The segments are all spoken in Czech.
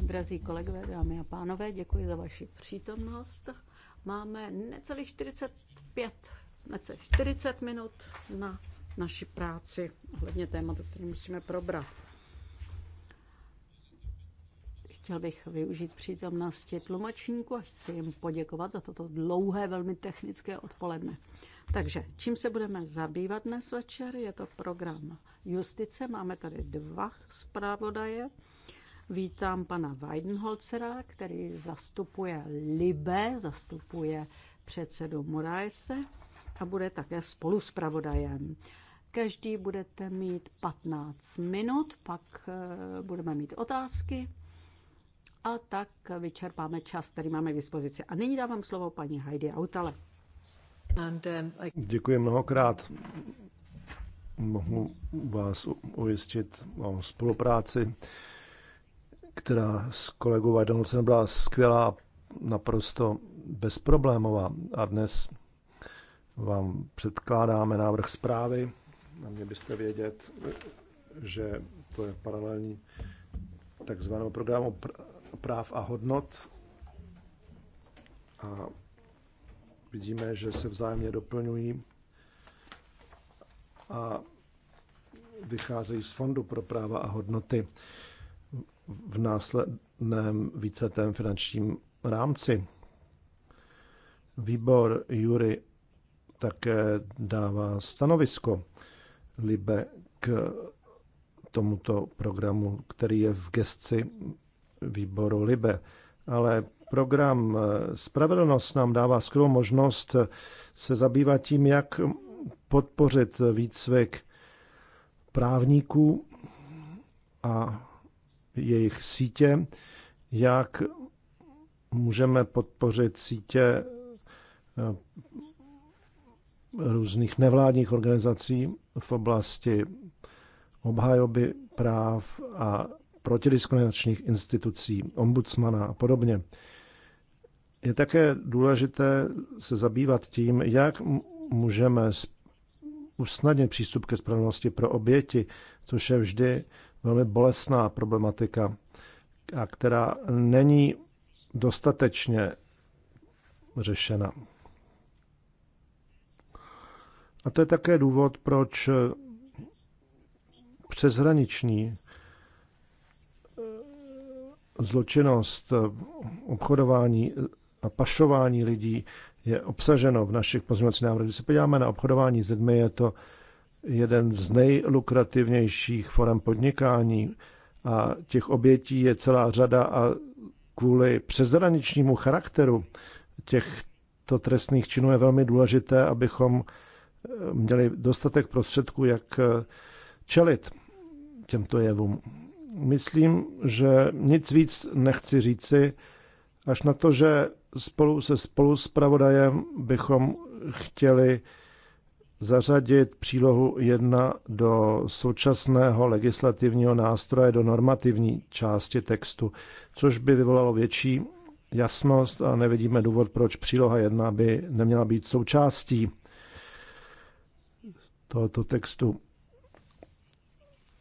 Drazí kolegové, dámy a pánové, děkuji za vaši přítomnost. Máme necelých 45, necelých 40 minut na naši práci ohledně tématu, který musíme probrat. Chtěl bych využít přítomnosti tlumočníků a chci jim poděkovat za toto dlouhé, velmi technické odpoledne. Takže čím se budeme zabývat dnes večer? Je to program Justice. Máme tady dva zpravodaje. Vítám pana Weidenholzera, který zastupuje Libe, zastupuje předsedu Moraese a bude také spoluspravodajem. Každý budete mít 15 minut, pak eh, budeme mít otázky a tak vyčerpáme čas, který máme k dispozici. A nyní dávám slovo paní Heidi Autale. Um, Děkuji mnohokrát. Mohu vás ujistit o spolupráci, která s kolegou Weidenholzem byla skvělá, naprosto bezproblémová. A dnes vám předkládáme návrh zprávy. A mě byste vědět, že to je paralelní takzvanou programu práv a hodnot. A Vidíme, že se vzájemně doplňují a vycházejí z Fondu pro práva a hodnoty v následném víceletém finančním rámci. Výbor Jury také dává stanovisko Libe k tomuto programu, který je v gesci výboru Libe. Ale Program eh, Spravedlnost nám dává skvělou možnost eh, se zabývat tím, jak podpořit eh, výcvik právníků a jejich sítě, jak můžeme podpořit sítě různých nevládních organizací v oblasti obhajoby práv a protidiskriminačních institucí, ombudsmana a podobně. Je také důležité se zabývat tím, jak můžeme usnadnit přístup ke spravedlnosti pro oběti, což je vždy velmi bolestná problematika, a která není dostatečně řešena. A to je také důvod, proč přeshraniční eh, zločinnost, eh, obchodování eh, a pašování lidí je obsaženo v našich pozměňovacích návrhů. Když se podíváme na obchodování s lidmi, je to jeden z nejlukrativnějších forem podnikání a těch obětí je celá řada a kvůli přezraničnímu charakteru těchto trestných činů je velmi důležité, abychom měli dostatek prostředků, jak čelit těmto jevům. Myslím, že nic víc nechci říci, Až na to, že spolu se spolu s pravodajem bychom chtěli zařadit přílohu 1 do současného legislativního nástroje, do normativní části textu, což by vyvolalo větší jasnost a nevidíme důvod, proč příloha 1 by neměla být součástí tohoto textu.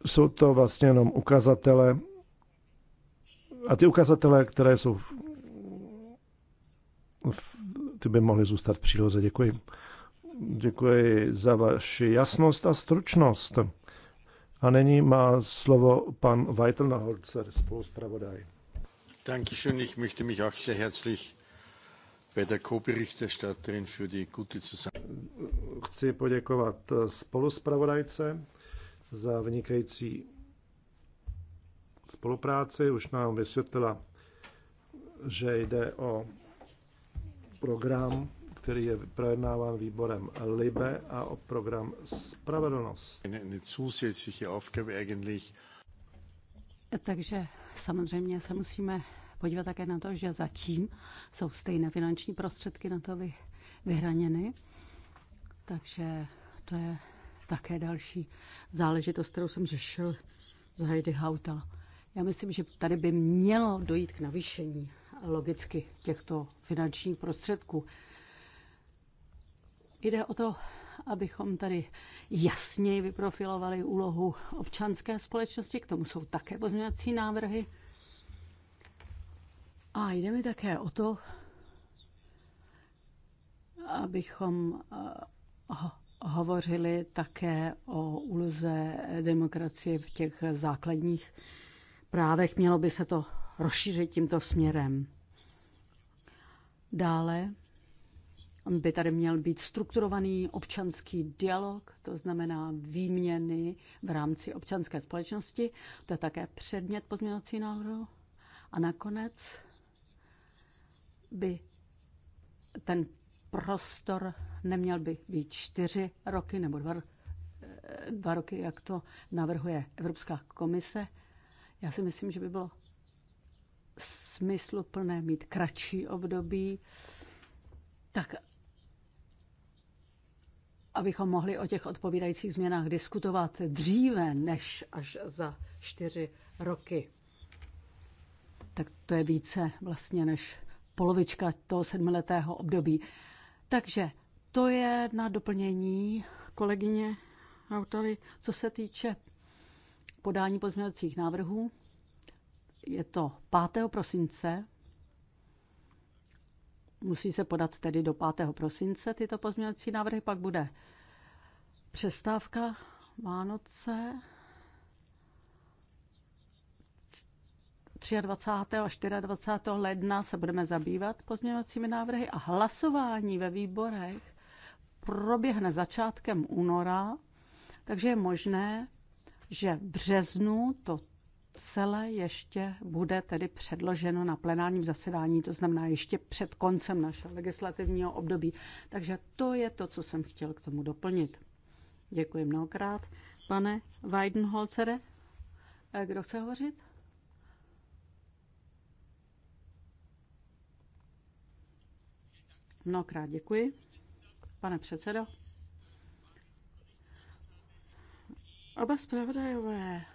Jsou to vlastně jenom ukazatele a ty ukazatele, které jsou v ty by mohly zůstat v příloze. Děkuji. Děkuji za vaši jasnost a stručnost. A nyní má slovo pan Weitelnahorzer, spoluzpravodaj. Dankeschön, ich möchte mich auch sehr herzlich bei der Co-Berichterstatterin für die gute Zusammenarbeit. Chci poděkovat spoluzpravodajce za vynikající spolupráci. Už nám vysvětlila, že jde o program, který je projednáván výborem LIBE a o program Spravedlnost. Takže samozřejmě se musíme podívat také na to, že zatím jsou stejné finanční prostředky na to vy, vyhraněny. Takže to je také další záležitost, kterou jsem řešil za Heidi Hautala. Já myslím, že tady by mělo dojít k navýšení logicky těchto finančních prostředků. Jde o to, abychom tady jasněji vyprofilovali úlohu občanské společnosti, k tomu jsou také pozměňovací návrhy. A jde mi také o to, abychom eh, hovořili také o úloze demokracie v těch základních právech. Mělo by se to rozšířit tímto směrem. Dále by tady měl být strukturovaný občanský dialog, to znamená výměny v rámci občanské společnosti. To je také předmět pozměňovací návrhu. A nakonec by ten prostor neměl by být čtyři roky nebo dva, dva roky, jak to navrhuje Evropská komise. Já si myslím, že by bylo smysluplné mít kratší období, tak abychom mohli o těch odpovídajících změnách diskutovat dříve než až za čtyři roky. Tak to je více vlastně než polovička toho sedmiletého období. Takže to je na doplnění kolegyně Autory, co se týče podání pozměňovacích návrhů. Je to 5. prosince. Musí se podat tedy do 5. prosince tyto pozměňovací návrhy, pak bude přestávka Vánoce 23. a 24. ledna se budeme zabývat pozměňovacími návrhy a hlasování ve výborech proběhne začátkem února, takže je možné, že v březnu to celé ještě bude tedy předloženo na plenárním zasedání, to znamená ještě před koncem našeho legislativního období. Takže to je to, co jsem chtěl k tomu doplnit. Děkuji mnohokrát. Pane Weidenholzere, eh, kdo chce hovořit? Mnohokrát děkuji. Pane předsedo. Oba zpravodajové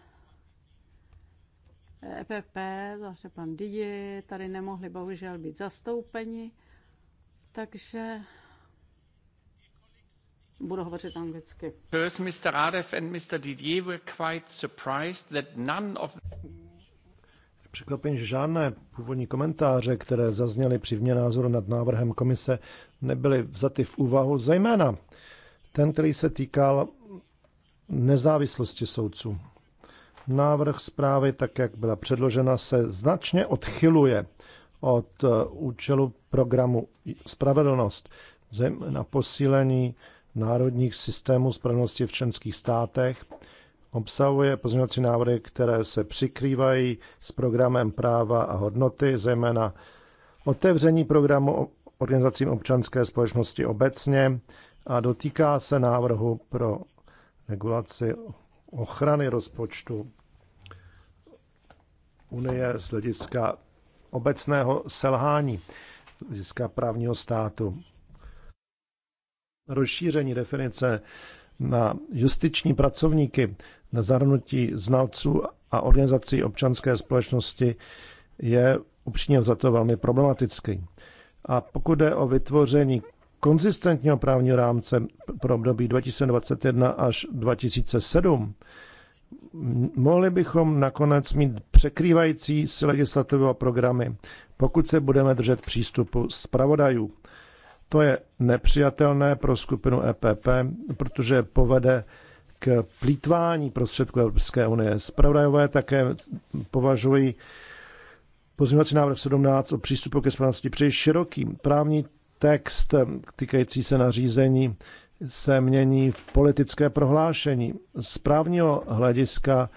EPP, zase pan Didi, tady nemohli bohužel být zastoupeni, takže budu hovořit anglicky. First, Mr. Radev and Mr. Didier were quite surprised that none of Překvapení, že žádné původní komentáře, které zazněly při vně názoru nad návrhem komise, nebyly vzaty v úvahu, zejména ten, který se týkal nezávislosti soudců. Návrh zprávy, tak jak byla předložena, se značně odchyluje od eh, účelu programu Spravedlnost, zejména posílení národních systémů spravedlnosti v členských státech, obsahuje pozměňovací návrhy, které se přikrývají s programem práva a hodnoty, zejména otevření programu organizacím občanské společnosti obecně a dotýká se návrhu pro regulaci ochrany rozpočtu Unie z hlediska obecného selhání, z hlediska právního státu. Rozšíření definice na justiční pracovníky, na zahrnutí znalců a organizací občanské společnosti je upřímně za to velmi problematický. A pokud jde o vytvoření konzistentního právního rámce pro období 2021 až 2007, mohli bychom nakonec mít překrývající si legislativu a programy, pokud se budeme držet přístupu zpravodajů. To je nepřijatelné pro skupinu EPP, protože povede k plítvání prostředků Evropské unie. Spravodajové také považují pozměňovací návrh 17 o přístupu ke spravedlnosti příliš široký. Právní Text týkající se nařízení se mění v politické prohlášení. Z právního hlediska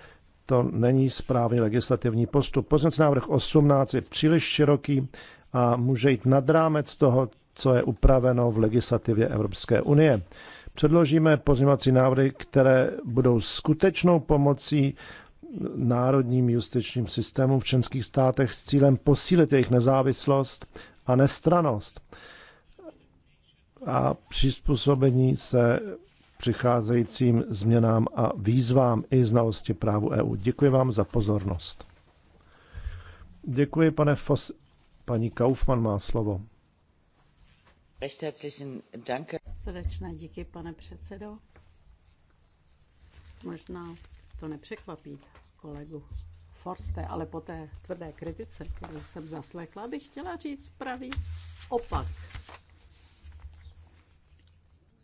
to není správný legislativní postup. Poznací návrh 18 je příliš široký a může jít nad rámec toho, co je upraveno v legislativě Evropské unie. Předložíme pozměňovací návrhy, které budou skutečnou pomocí národním justičním systémům v členských státech s cílem posílit jejich nezávislost a nestranost a přizpůsobení se přicházejícím změnám a výzvám i znalosti právu EU. Děkuji vám za pozornost. Děkuji, pane Fos. Paní Kaufmann má slovo. Srdečné díky, pane předsedo. Možná to nepřekvapí kolegu Forste, ale po té tvrdé kritice, kterou jsem zaslechla, bych chtěla říct pravý opak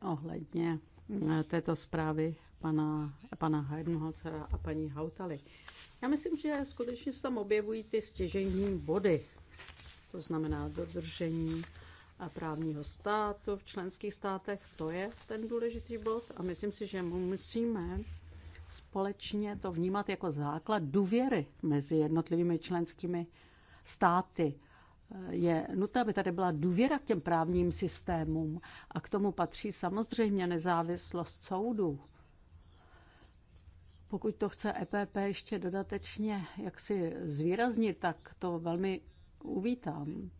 ohledně eh, této zprávy pana, pana Heidenholzera a paní Hautaly. Já myslím, že skutečně se tam objevují ty stěžení body, to znamená dodržení a eh, právního státu v členských státech, to je ten důležitý bod a myslím si, že musíme společně to vnímat jako základ důvěry mezi jednotlivými členskými státy je nutné, aby tady byla důvěra k těm právním systémům a k tomu patří samozřejmě nezávislost soudů. Pokud to chce EPP ještě dodatečně jaksi zvýraznit, tak to velmi uvítám.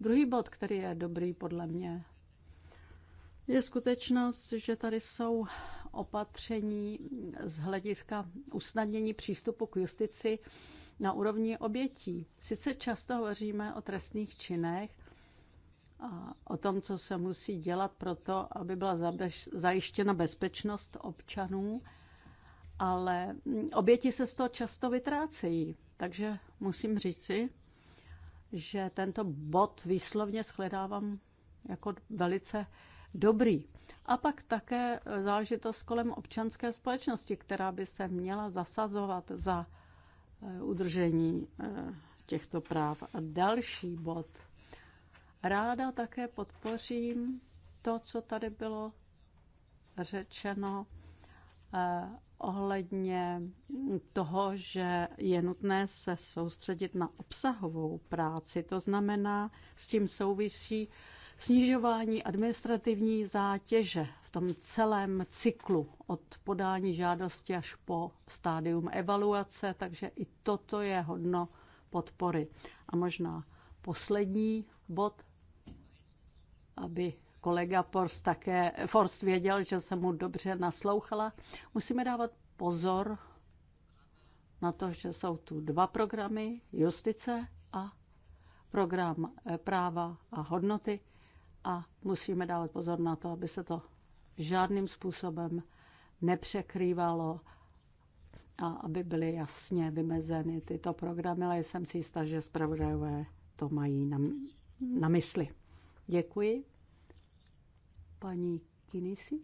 Druhý bod, který je dobrý podle mě, je skutečnost, že tady jsou opatření z hlediska usnadnění přístupu k justici na úrovni obětí. Sice často hovoříme o trestných činech a o tom, co se musí dělat pro to, aby byla zajištěna bezpečnost občanů, ale mm, oběti se z toho často vytrácejí. Takže musím říci, že tento bod výslovně shledávám jako velice dobrý. A pak také e, záležitost kolem občanské společnosti, která by se měla zasazovat za Eh, udržení eh, těchto práv. A další bod. Ráda také podpořím to, co tady bylo řečeno eh, ohledně toho, že je nutné se soustředit na obsahovou práci. To znamená, s tím souvisí snižování administrativní zátěže v tom celém cyklu od podání žádosti až po stádium evaluace, takže i toto je hodno podpory. A možná poslední bod, aby kolega Forst také Forst věděl, že jsem mu dobře naslouchala. Musíme dávat pozor na to, že jsou tu dva programy, justice a program eh, práva a hodnoty a musíme dávat pozor na to, aby se to žádným způsobem nepřekrývalo a aby byly jasně vymezeny tyto programy, ale jsem si jistá, že zpravodajové to mají na, na mysli. Děkuji. Paní Kinisi.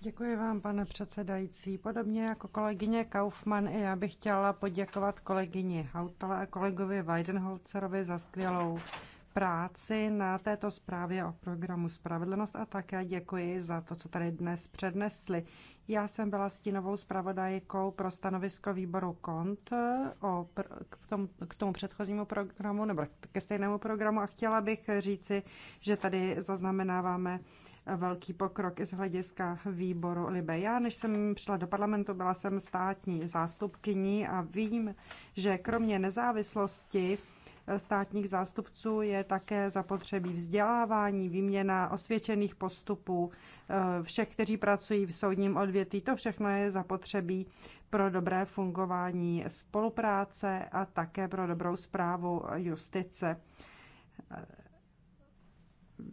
Děkuji vám, pane předsedající. Podobně jako kolegyně Kaufmann i já bych chtěla poděkovat kolegyni Hautala a kolegovi Weidenholzerovi za skvělou práci na této zprávě o programu Spravedlnost a také děkuji za to, co tady dnes přednesli. Já jsem byla stínovou zpravodajkou pro stanovisko výboru KONT o pr- k, tomu, k tomu předchozímu programu nebo ke stejnému programu a chtěla bych říci, že tady zaznamenáváme velký pokrok i z hlediska výboru Libe. Já, než jsem přišla do parlamentu, byla jsem státní zástupkyní a vím, že kromě nezávislosti, státních zástupců je také zapotřebí vzdělávání, výměna osvědčených postupů eh, všech, kteří pracují v soudním odvětví. To všechno je zapotřebí pro dobré fungování spolupráce a také pro dobrou zprávu justice.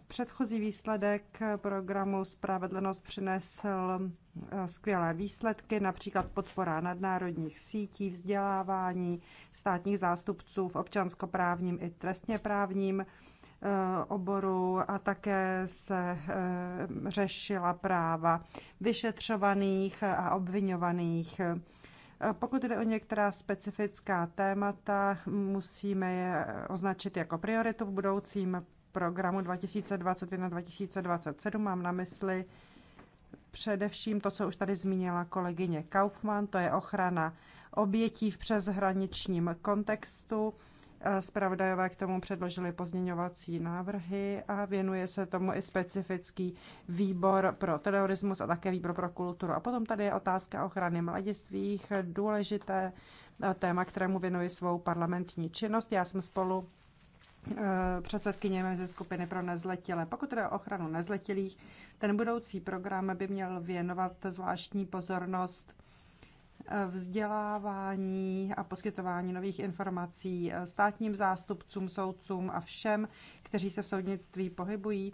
Předchozí výsledek programu Spravedlnost přinesl eh, skvělé výsledky, například podpora nadnárodních sítí, vzdělávání státních zástupců v občanskoprávním i trestněprávním eh, oboru a také se eh, řešila práva vyšetřovaných a obvinovaných. Pokud jde o některá specifická témata, musíme je označit jako prioritu v budoucím programu 2021-2027. Mám na mysli především to, co už tady zmínila kolegyně Kaufmann, to je ochrana obětí v přeshraničním kontextu. Spravodajové k tomu předložili pozměňovací návrhy a věnuje se tomu i specifický výbor pro terorismus a také výbor pro kulturu. A potom tady je otázka ochrany mladistvých, důležité téma, kterému věnuji svou parlamentní činnost. Já jsem spolu Eh, předsedkyně mezi skupiny pro nezletilé. Pokud jde o ochranu nezletilých, ten budoucí program by měl věnovat zvláštní pozornost eh, vzdělávání a poskytování nových informací eh, státním zástupcům, soudcům a všem, kteří se v soudnictví pohybují,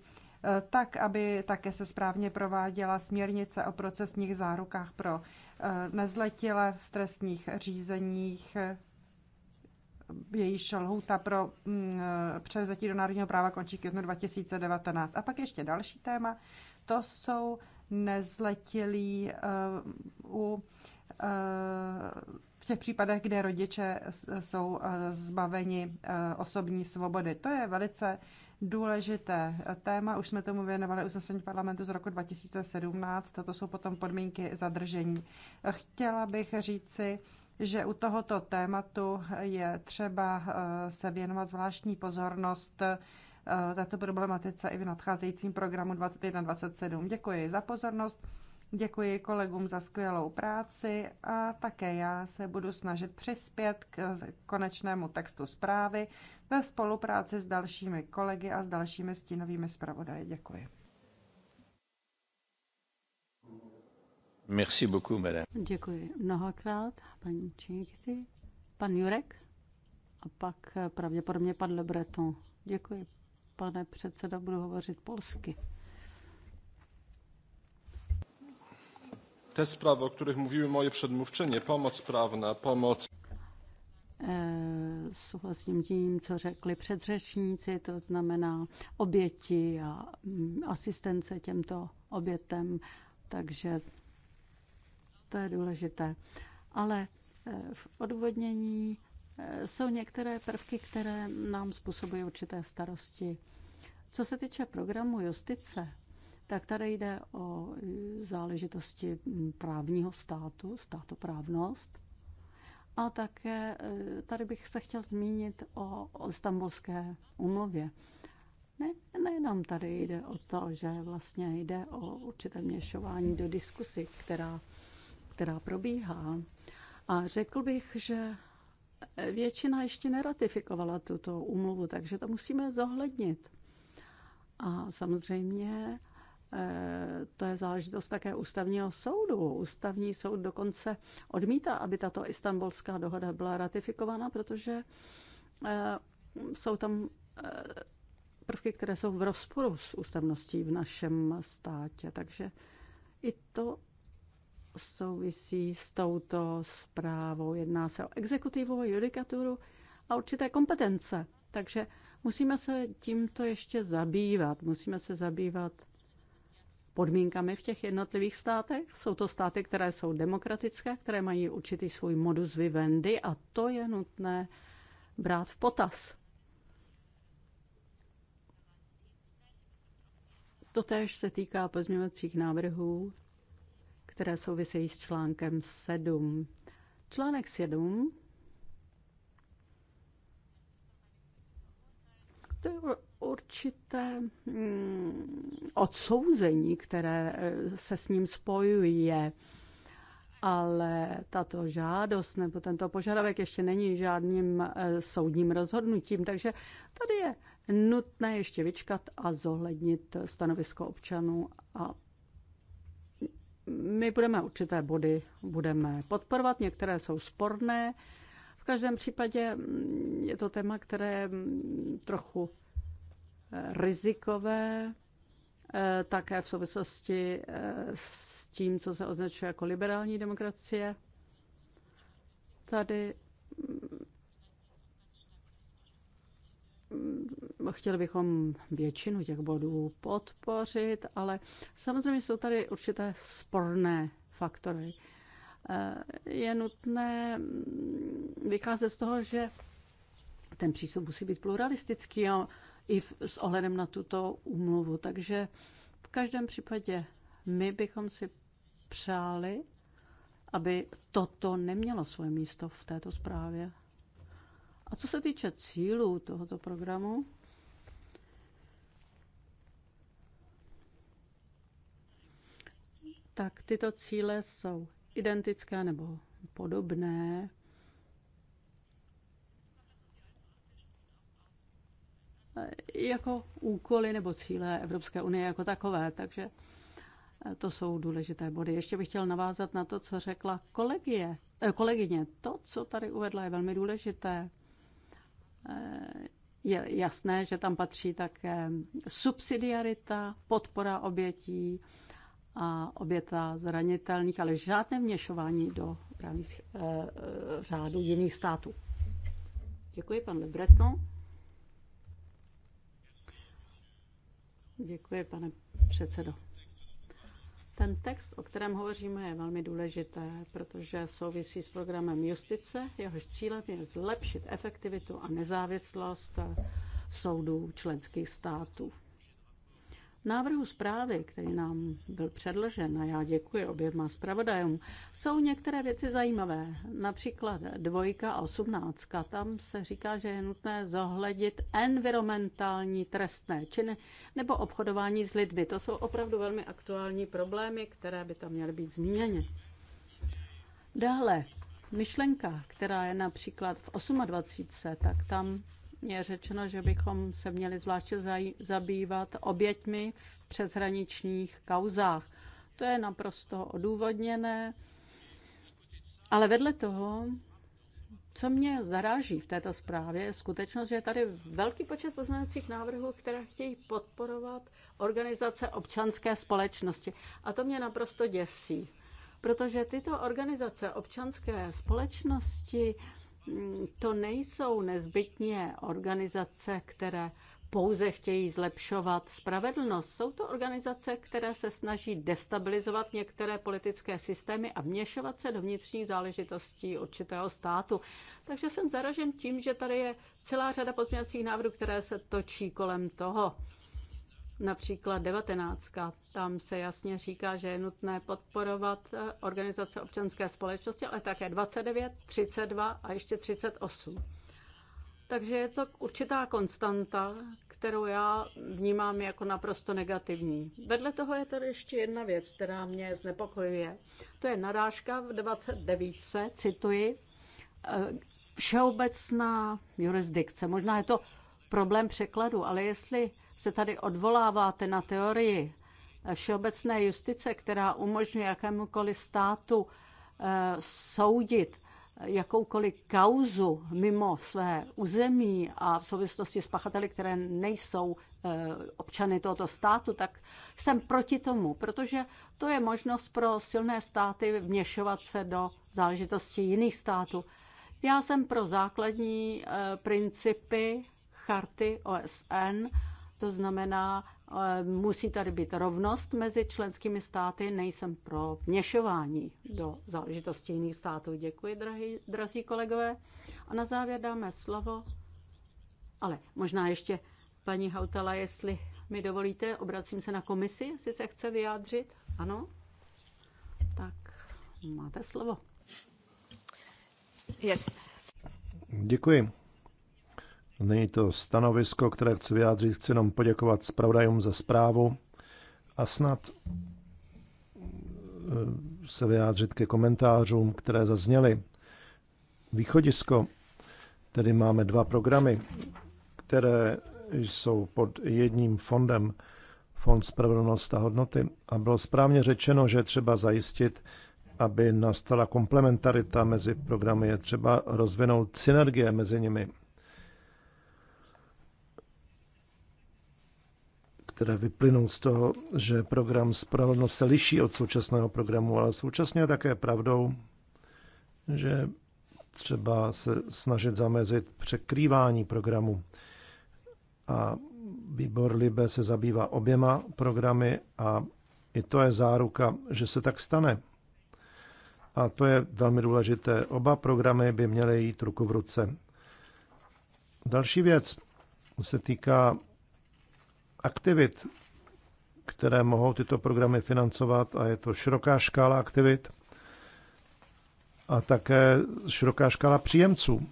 tak, aby také se správně prováděla směrnice o procesních zárukách pro nezletile v trestních řízeních, její lhůta pro mm, eh, převzetí do národního práva končí květnu 2019. A pak ještě další téma, to jsou nezletilí eh, u eh, v těch případech, kde rodiče jsou zbaveni osobní svobody. To je velice důležité téma. Už jsme tomu věnovali usnesení parlamentu z roku 2017. Toto jsou potom podmínky zadržení. Chtěla bych říci, že u tohoto tématu je třeba eh, se věnovat zvláštní pozornost eh, této problematice i v nadcházejícím programu 2127. Děkuji za pozornost, děkuji kolegům za skvělou práci a také já se budu snažit přispět k konečnému textu zprávy ve spolupráci s dalšími kolegy a s dalšími stínovými zpravodaji. Děkuji. Merci beaucoup, madame. Děkuji mnohokrát, paní Činky. Pan Jurek a pak eh, pravděpodobně pan Le Breton. Děkuji, pane předsedo, budu hovořit polsky. Te sprawy, o których mówiły moje przedmówczynie, pomoc prawna, pomoc eh, souhlasím tím, co řekli předřečníci, to znamená oběti a mm, asistence těmto obětem. Takže to je důležité. Ale eh, v odvodnění eh, jsou některé prvky, které nám způsobují určité starosti. Co se týče programu justice, tak tady jde o eh, záležitosti hm, právního státu, státoprávnost. A také tady bych se chtěl zmínit o, Istanbulské umluvě. Ne, nejenom tady jde o to, že vlastně jde o určité měšování do diskusy, která která probíhá. A řekl bych, že většina ještě neratifikovala tuto úmluvu, takže to musíme zohlednit. A samozřejmě eh, to je záležitost také ústavního soudu. Ústavní soud dokonce odmítá, aby tato istambulská dohoda byla ratifikována, protože eh, jsou tam eh, prvky, které jsou v rozporu s ústavností v našem státě. Takže i to souvisí s touto zprávou. Jedná se o exekutivu, judikaturu a určité kompetence. Takže musíme se tímto ještě zabývat. Musíme se zabývat podmínkami v těch jednotlivých státech. Jsou to státy, které jsou demokratické, které mají určitý svůj modus vivendi a to je nutné brát v potaz. Totéž se týká pozměňovacích návrhů které souvisejí s článkem 7. Článek 7 to je určité mm, odsouzení, které eh, se s ním spojuje. Ale tato žádost nebo tento požadavek ještě není žádným eh, soudním rozhodnutím, takže tady je nutné ještě vyčkat a zohlednit stanovisko občanů a my budeme určité body, budeme podporovat, některé jsou sporné. V každém případě mm, je to téma, které je mm, trochu eh, rizikové, eh, také v souvislosti eh, s tím, co se označuje jako liberální demokracie. Tady mm, chtěli bychom většinu těch bodů podpořit, ale samozřejmě jsou tady určité sporné faktory. Eh, je nutné vycházet z toho, že ten přístup musí být pluralistický a i s ohledem na tuto úmluvu. Takže v každém případě my bychom si přáli, aby toto nemělo svoje místo v této zprávě. A co se týče cílů tohoto programu, tak tyto cíle jsou identické nebo podobné. jako úkoly nebo cíle Evropské unie jako takové, takže eh, to jsou důležité body. Ještě bych chtěl navázat na to, co řekla kolegie, eh, kolegyně. To, co tady uvedla, je velmi důležité. Eh, je jasné, že tam patří také subsidiarita, podpora obětí, a oběta zranitelných, ale žádné vměšování do právních eh, eh řádů jiných států. Děkuji, pan Breton. Děkuji, pane předsedo. Ten text, o kterém hovoříme, je velmi důležité, protože souvisí s programem justice. Jehož cílem je zlepšit efektivitu a nezávislost soudů členských států návrhu zprávy, který nám byl předložen, a já děkuji oběma zpravodajům, jsou některé věci zajímavé. Například dvojka a osmnáctka. Tam se říká, že je nutné zohledit environmentální trestné činy nebo obchodování s lidmi. To jsou opravdu velmi aktuální problémy, které by tam měly být zmíněny. Dále, myšlenka, která je například v 28, tak tam je řečeno, že bychom se měli zvláště zabývat oběťmi v přeshraničních kauzách. To je naprosto odůvodněné. Ale vedle toho, co mě zaráží v této zprávě, je skutečnost, že je tady velký počet pozměňovacích návrhů, které chtějí podporovat organizace občanské společnosti. A to mě naprosto děsí, protože tyto organizace občanské společnosti Mm, to nejsou nezbytně organizace, které pouze chtějí zlepšovat spravedlnost. Jsou to organizace, které se snaží destabilizovat některé politické systémy a vměšovat se do vnitřních záležitostí určitého státu. Takže jsem zaražen tím, že tady je celá řada pozměňovacích návrhů, které se točí kolem toho například 19. Tam se jasně říká, že je nutné podporovat eh, organizace občanské společnosti, ale také 29, 32 a ještě 38. Takže je to určitá konstanta, kterou já vnímám jako naprosto negativní. Vedle toho je tady ještě jedna věc, která mě znepokojuje. To je narážka v 29. cituji, eh, všeobecná jurisdikce. Možná je to problém překladu, ale jestli se tady odvoláváte na teorii všeobecné justice, která umožňuje jakémukoliv státu eh, soudit jakoukoliv kauzu mimo své území a v souvislosti s pachateli, které nejsou eh, občany tohoto státu, tak jsem proti tomu, protože to je možnost pro silné státy vměšovat se do záležitostí jiných států. Já jsem pro základní eh, principy charty OSN, to znamená, eh, musí tady být rovnost mezi členskými státy, nejsem pro měšování do záležitostí jiných států. Děkuji, drahý, drazí kolegové. A na závěr dáme slovo, ale možná ještě paní Hautala, jestli mi dovolíte, obracím se na komisi, jestli se chce vyjádřit. Ano? Tak máte slovo. Yes. Děkuji. Není to stanovisko, které chci vyjádřit. Chci jenom poděkovat zpravodajům za zprávu a snad eh, se vyjádřit ke komentářům, které zazněly. Východisko, tedy máme dva programy, které jsou pod jedním fondem, Fond Spravedlnost a hodnoty. A bylo správně řečeno, že třeba zajistit, aby nastala komplementarita mezi programy, je třeba rozvinout synergie mezi nimi. které vyplynou z toho, že program Spravedlnost se liší od současného programu, ale současně je také pravdou, že třeba se snažit zamezit překrývání programu. A výbor Libe se zabývá oběma programy a i to je záruka, že se tak stane. A to je velmi důležité. Oba programy by měly jít ruku v ruce. Další věc se týká aktivit, které mohou tyto programy financovat a je to široká škála aktivit a také široká škála příjemců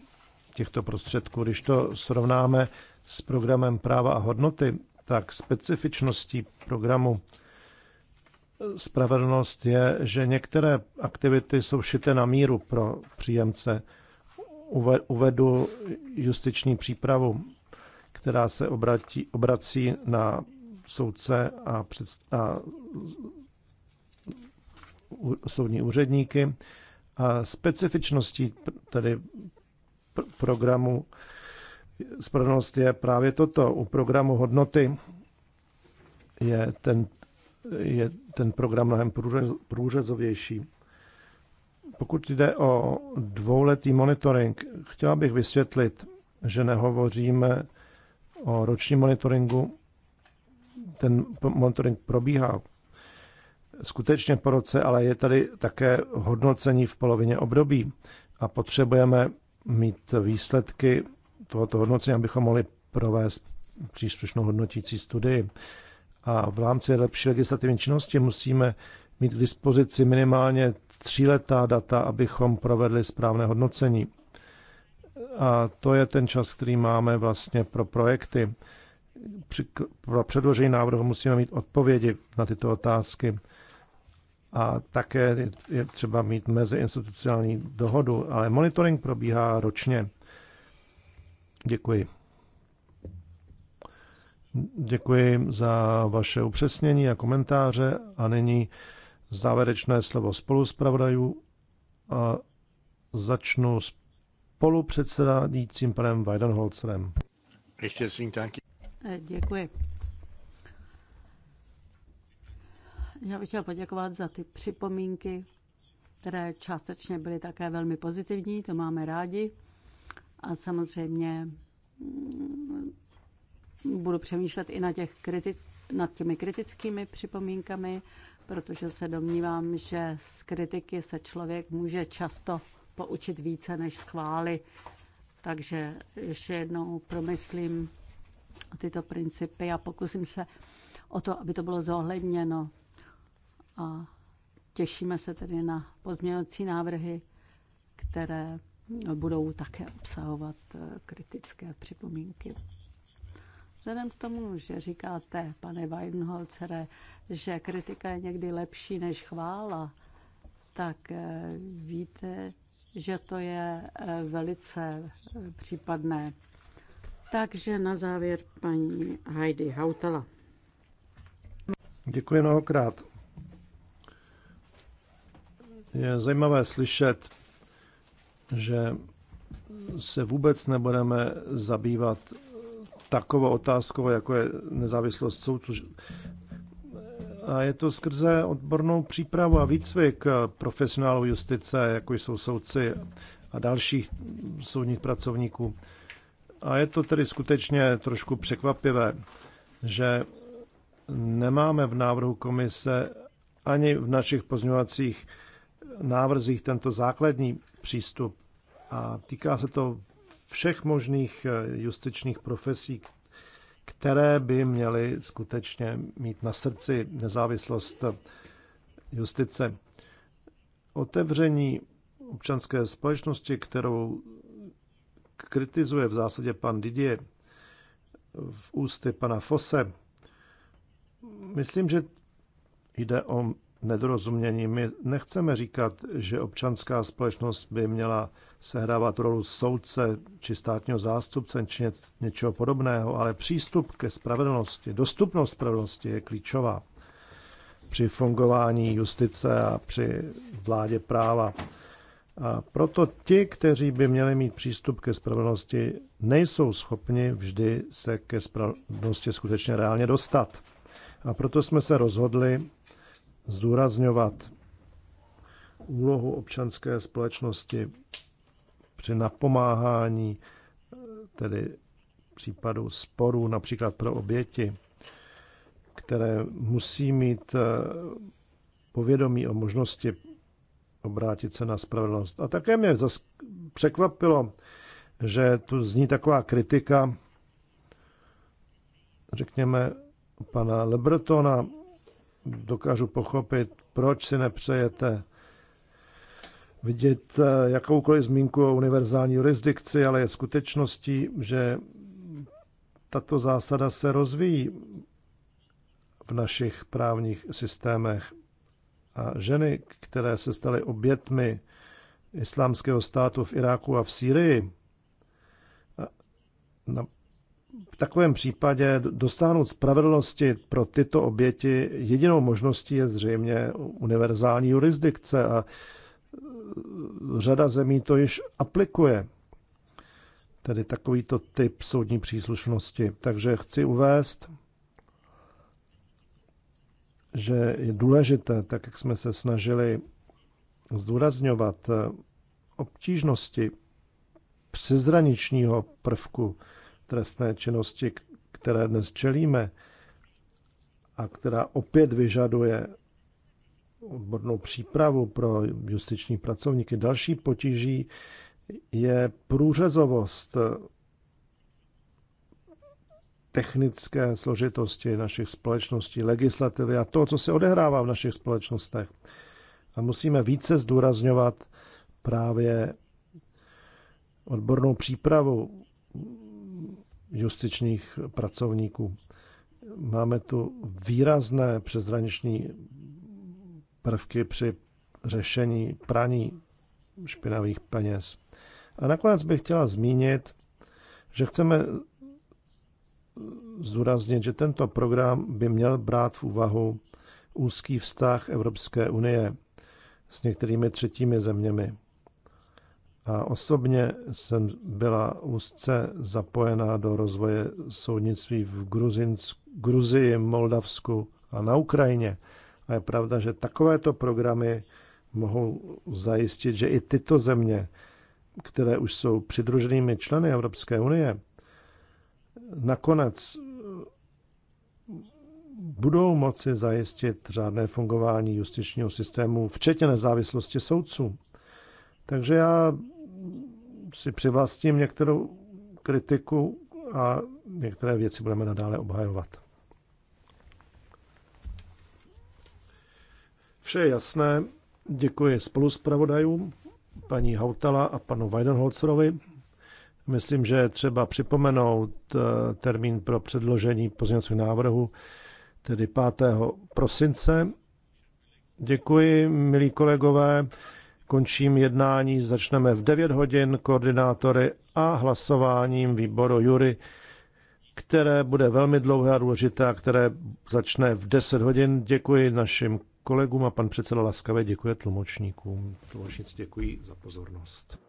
těchto prostředků. Když to srovnáme s programem práva a hodnoty, tak specifičností programu spravedlnost je, že některé aktivity jsou šité na míru pro příjemce. Uvedu justiční přípravu která se obratí, obrací na soudce a, před, a soudní úředníky. A specifičností tedy pr- programu spravedlnost je právě toto. U programu hodnoty je ten, je ten program mnohem průřez, průřezovější. Pokud jde o dvouletý monitoring, chtěla bych vysvětlit, že nehovoříme o ročním monitoringu. Ten monitoring probíhá skutečně po roce, ale je tady také hodnocení v polovině období a potřebujeme mít výsledky tohoto hodnocení, abychom mohli provést příslušnou hodnotící studii. A v rámci lepší legislativní činnosti musíme mít k dispozici minimálně tříletá data, abychom provedli správné hodnocení. A to je ten čas, který máme vlastně pro projekty. Při, pro předložení návrhu musíme mít odpovědi na tyto otázky. A také je, je třeba mít meziinstitucionální dohodu, ale monitoring probíhá ročně. Děkuji. Děkuji za vaše upřesnění a komentáře a nyní závěrečné slovo spolu zpravodajů. A začnu s spolupředsedajícím panem Weidenholzerem. Eh, děkuji. Já bych chtěl poděkovat za ty připomínky, které částečně byly také velmi pozitivní, to máme rádi. A samozřejmě mm, budu přemýšlet i na těch kritic, nad těmi kritickými připomínkami, protože se domnívám, že z kritiky se člověk může často poučit více než schválit. Takže ještě jednou promyslím tyto principy a pokusím se o to, aby to bylo zohledněno. A těšíme se tedy na pozměňovací návrhy, které budou také obsahovat eh, kritické připomínky. Vzhledem k tomu, že říkáte, pane Weidenholzere, že kritika je někdy lepší než chvála, tak eh, víte, že to je eh, velice eh, případné. Takže na závěr paní Heidi Hautala. Děkuji mnohokrát. Je zajímavé slyšet, že se vůbec nebudeme zabývat takovou otázkou, jako je nezávislost soudců, a je to skrze odbornou přípravu a výcvik profesionálů justice, jako jsou soudci a dalších soudních pracovníků. A je to tedy skutečně trošku překvapivé, že nemáme v návrhu komise ani v našich pozměňovacích návrzích tento základní přístup. A týká se to všech možných justičních profesí, které by měly skutečně mít na srdci nezávislost justice. Otevření občanské společnosti, kterou kritizuje v zásadě pan Didier v ústy pana Fose, myslím, že jde o nedorozumění. My nechceme říkat, že občanská společnost by měla sehrávat rolu soudce či státního zástupce či ně, něčeho podobného, ale přístup ke spravedlnosti, dostupnost spravedlnosti je klíčová při fungování justice a při vládě práva. A proto ti, kteří by měli mít přístup ke spravedlnosti, nejsou schopni vždy se ke spravedlnosti skutečně reálně dostat. A proto jsme se rozhodli zdůrazňovat úlohu občanské společnosti při napomáhání tedy případů sporů, například pro oběti, které musí mít eh, povědomí o možnosti obrátit se na spravedlnost. A také mě zas překvapilo, že tu zní taková kritika, řekněme, pana Lebretona, dokážu pochopit, proč si nepřejete vidět eh, jakoukoliv zmínku o univerzální jurisdikci, ale je skutečností, že tato zásada se rozvíjí v našich právních systémech. A ženy, které se staly obětmi islámského státu v Iráku a v Sýrii, v takovém případě dosáhnout spravedlnosti pro tyto oběti jedinou možností je zřejmě univerzální jurisdikce a e, řada zemí to již aplikuje. Tedy takovýto typ soudní příslušnosti. Takže chci uvést, že je důležité, tak jak jsme se snažili zdůrazňovat e, obtížnosti přezraničního prvku trestné činnosti, které dnes čelíme a která opět vyžaduje odbornou přípravu pro justiční pracovníky. Další potíží je průřezovost technické složitosti našich společností, legislativy a to, co se odehrává v našich společnostech. A musíme více zdůrazňovat právě odbornou přípravu justičních pracovníků. Máme tu výrazné přezraniční prvky při řešení praní špinavých peněz. A nakonec bych chtěla zmínit, že chceme zdůraznit, že tento program by měl brát v úvahu úzký vztah Evropské unie s některými třetími zeměmi a osobně jsem byla úzce zapojená do rozvoje soudnictví v Gruzinsku, Gruzii, Moldavsku a na Ukrajině. A je pravda, že takovéto programy mohou zajistit, že i tyto země, které už jsou přidruženými členy Evropské unie, nakonec budou moci zajistit řádné fungování justičního systému, včetně nezávislosti soudců. Takže já si přivlastním některou kritiku a některé věci budeme nadále obhajovat. Vše je jasné. Děkuji spoluspravodajům, paní Hautala a panu Weidenholzerovi. Myslím, že je třeba připomenout eh, termín pro předložení pozměňovacího návrhu, tedy 5. prosince. Děkuji, milí kolegové. Končím jednání, začneme v 9 hodin koordinátory a hlasováním výboru Jury, které bude velmi dlouhé a důležité a které začne v 10 hodin. Děkuji našim kolegům a pan předseda Laskavé děkuje tlumočníkům. Tlumočníci děkuji za pozornost.